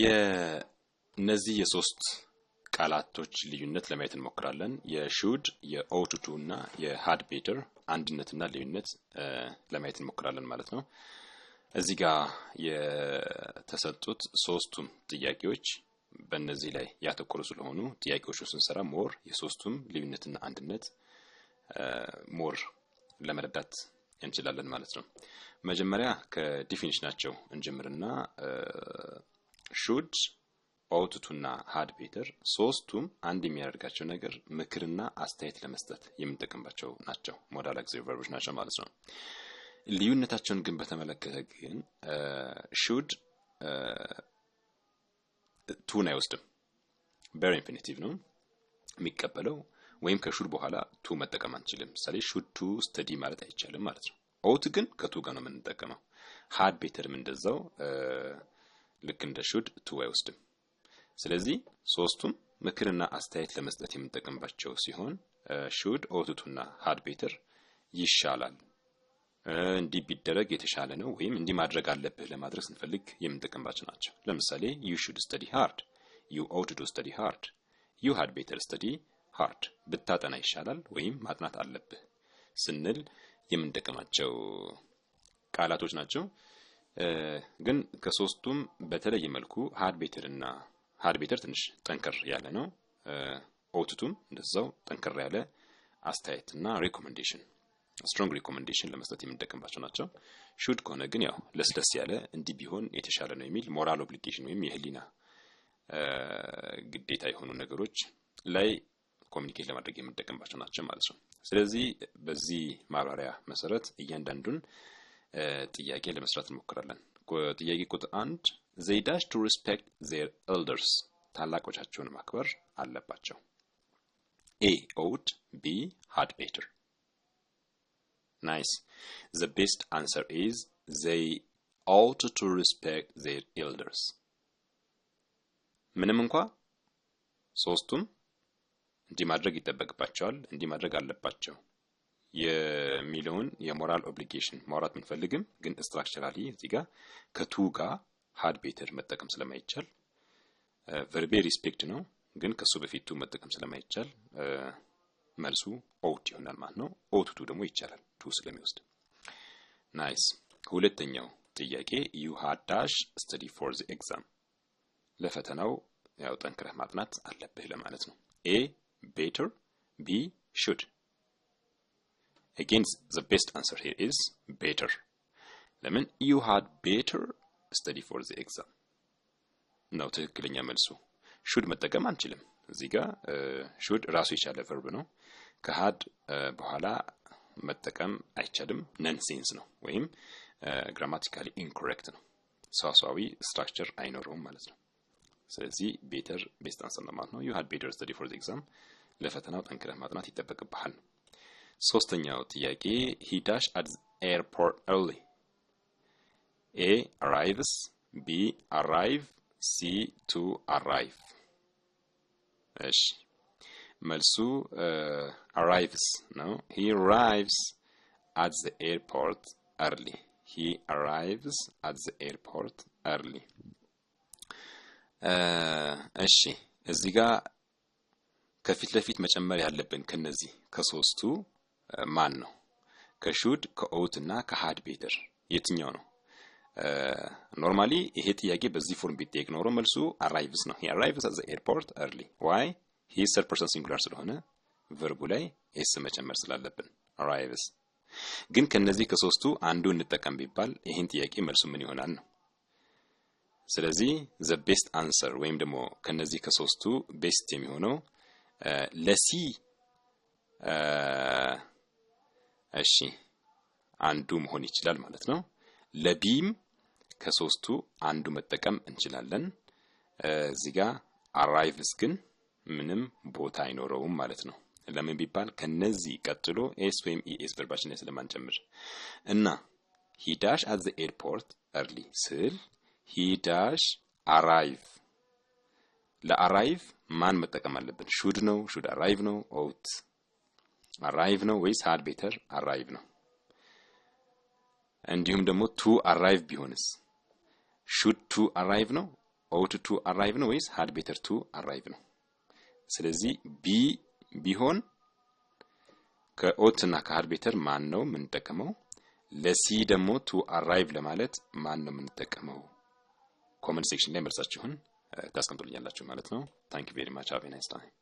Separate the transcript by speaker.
Speaker 1: የእነዚህ የሶስት ቃላቶች ልዩነት ለማየት እንሞክራለን። የሹድ የኦቱቱ እና የሃድ ቤተር አንድነትና ልዩነት ለማየት እንሞክራለን ማለት ነው። እዚህ ጋር የተሰጡት ሶስቱም ጥያቄዎች በእነዚህ ላይ ያተኮሩ ስለሆኑ ጥያቄዎቹ ስንሰራ ሞር የሶስቱም ልዩነትና አንድነት ሞር ለመረዳት እንችላለን ማለት ነው። መጀመሪያ ከዲፊኒሽናቸው እንጀምርና ሹድ ኦውትቱና ሀድ ፔተር ሶስቱም አንድ የሚያደርጋቸው ነገር ምክርና አስተያየት ለመስጠት የምንጠቀምባቸው ናቸው። ሞዳል አግዚላሪ ቨርቦች ናቸው ማለት ነው። ልዩነታቸውን ግን በተመለከተ ግን ሹድ ቱን አይወስድም። በር ኢንፊኒቲቭ ነው የሚቀበለው። ወይም ከሹድ በኋላ ቱ መጠቀም አንችልም። ምሳሌ ሹድ ቱ ስተዲ ማለት አይቻልም ማለት ነው። ኦውት ግን ከቱ ጋር ነው የምንጠቀመው። ሀድ ቤተርም እንደዛው ልክ እንደ ሹድ ቱ አይወስድም። ስለዚህ ሶስቱም ምክርና አስተያየት ለመስጠት የምንጠቀምባቸው ሲሆን ሹድ ኦቱቱና ሃድ ቤተር ይሻላል፣ እንዲህ ቢደረግ የተሻለ ነው ወይም እንዲህ ማድረግ አለብህ ለማድረግ ስንፈልግ የምንጠቀምባቸው ናቸው። ለምሳሌ ዩ ሹድ ስተዲ ሃርድ፣ ዩ ኦት ዱ ስተዲ ሃርድ፣ ዩ ሃድ ቤተር ስተዲ ሃርድ፣ ብታጠና ይሻላል ወይም ማጥናት አለብህ ስንል የምንጠቀማቸው ቃላቶች ናቸው። ግን ከሶስቱም በተለየ መልኩ ሀድ ቤተር እና ሀድ ቤተር ትንሽ ጠንከር ያለ ነው። ኦትቱም እንደዛው ጠንከር ያለ አስተያየት እና ሪኮመንዴሽን ስትሮንግ ሪኮመንዴሽን ለመስጠት የምንጠቀምባቸው ናቸው። ሹድ ከሆነ ግን ያው ለስለስ ያለ እንዲህ ቢሆን የተሻለ ነው የሚል ሞራል ኦብሊጌሽን ወይም የህሊና ግዴታ የሆኑ ነገሮች ላይ ኮሚኒኬት ለማድረግ የምንጠቀምባቸው ናቸው ማለት ነው። ስለዚህ በዚህ ማብራሪያ መሰረት እያንዳንዱን ጥያቄ ለመስራት እንሞክራለን። ጥያቄ ቁጥር አንድ ዘይዳሽ ቱ ሪስፔክት ዜር ኤልደርስ ታላቆቻቸውን ማክበር አለባቸው። ኤ ኦውድ ቢ ሃድ ቤተር ናይስ ዘ ቤስት አንሰር ኢዝ ዘይ ኦውድ ቱ ሪስፔክት ዜር ኤልደርስ። ምንም እንኳ ሶስቱም እንዲህ ማድረግ ይጠበቅባቸዋል፣ እንዲህ ማድረግ አለባቸው የሚለውን የሞራል ኦብሊጌሽን ማውራት ብንፈልግም ግን ስትራክቸራሊ እዚህ ጋር ከቱ ጋር ሀድ ቤተር መጠቀም ስለማይቻል ቨርቤ ሪስፔክት ነው፣ ግን ከሱ በፊት ቱ መጠቀም ስለማይቻል መልሱ ኦውት ይሆናል ማለት ነው። ኦውት ቱ ደግሞ ይቻላል ቱ ስለሚወስድ። ናይስ። ሁለተኛው ጥያቄ ዩ ሃድ ዳሽ ስተዲ ፎር ዘ ኤግዛም፣ ለፈተናው ያው ጠንክረህ ማጥናት አለብህ ለማለት ነው። ኤ ቤተር፣ ቢ ሹድ again the best answer here is better ለምን you had better study for the exam ነው ትክክለኛ መልሱ ሹድ መጠቀም አንችልም እዚህ ጋር ሹድ ራሱ የቻለ ቨርብ ነው ከሃድ በኋላ መጠቀም አይቻልም ነንሴንስ ነው ወይም ግራማቲካሊ ኢንኮሬክት ነው ሰዋሰዋዊ ስትራክቸር አይኖረውም ማለት ነው ስለዚህ ቤተር ቤስት አንሰር ማለት ነው ዩ ሃድ ቤተር ስተዲ ፎር ኤግዛም ለፈተናው ጠንክረህ ማጥናት ይጠበቅብሃል ሶስተኛው ጥያቄ ሂ ዳሽ አት ኤርፖርት ኤርሊ። ኤ አራይቭስ፣ ቢ አራይቭ፣ ሲ ቱ አራይቭ። እሺ መልሱ አራይቭስ ነው። ሂ አራይቭስ አት ዘ ኤርፖርት ኤርሊ። ሂ አራይቭስ አት ዘ ኤርፖርት ኤርሊ። እሺ እዚህ ጋር ከፊት ለፊት መጨመር ያለብን ከነዚህ ከሶስቱ ማን ነው? ከሹድ ከኦውት እና ከሃድ ቤተር የትኛው ነው? ኖርማሊ ይሄ ጥያቄ በዚህ ፎርም ቢጠየቅ ኖሮ መልሱ አራይቭስ ነው። ሂ አራይቭስ ኤርፖርት ኤርሊ። ዋይ ሂ ሰርድ ፐርሰን ሲንጉላር ስለሆነ ቨርቡ ላይ ኤስ መጨመር ስላለብን አራይቭስ። ግን ከነዚህ ከሶስቱ አንዱ እንጠቀም ቢባል ይሄን ጥያቄ መልሱ ምን ይሆናል ነው። ስለዚህ ዘ ቤስት አንሰር ወይም ደግሞ ከነዚህ ከሶስቱ ቤስት የሚሆነው ለሲ እሺ አንዱ መሆን ይችላል ማለት ነው። ለቢም ከሶስቱ አንዱ መጠቀም እንችላለን። እዚህ ጋ አራይቭስ ግን ምንም ቦታ አይኖረውም ማለት ነው። ለምን ቢባል ከነዚህ ቀጥሎ ኤስ ወይም ኢኤስ ቨርባችን ላይ ስለማንጨምር እና ሂዳሽ አት ዘ ኤርፖርት ኤርሊ ስል ሂዳሽ አራይቭ ለአራይቭ ማን መጠቀም አለብን? ሹድ ነው ሹድ አራይቭ ነው ኦውት አራይቭ ነው ወይስ ሃድ ቤተር አራይቭ ነው? እንዲሁም ደግሞ ቱ አራይቭ ቢሆንስ ሹድ ቱ አራይቭ ነው? ኦውት ቱ አራይቭ ነው ወይስ ሃድ ቤተር ቱ አራይቭ ነው? ስለዚህ ቢ ቢሆን ከኦት እና ከሃድ ቤተር ማን ነው የምንጠቀመው? ለሲ ደግሞ ቱ አራይቭ ለማለት ማን ነው የምንጠቀመው? ኮመንት ሴክሽን ላይ መልሳችሁን uh, ታስቀምጡልኛላችሁ ማለት ነው። ታንክ ዩ ቬሪ ማች አቬ ናይስ ታይም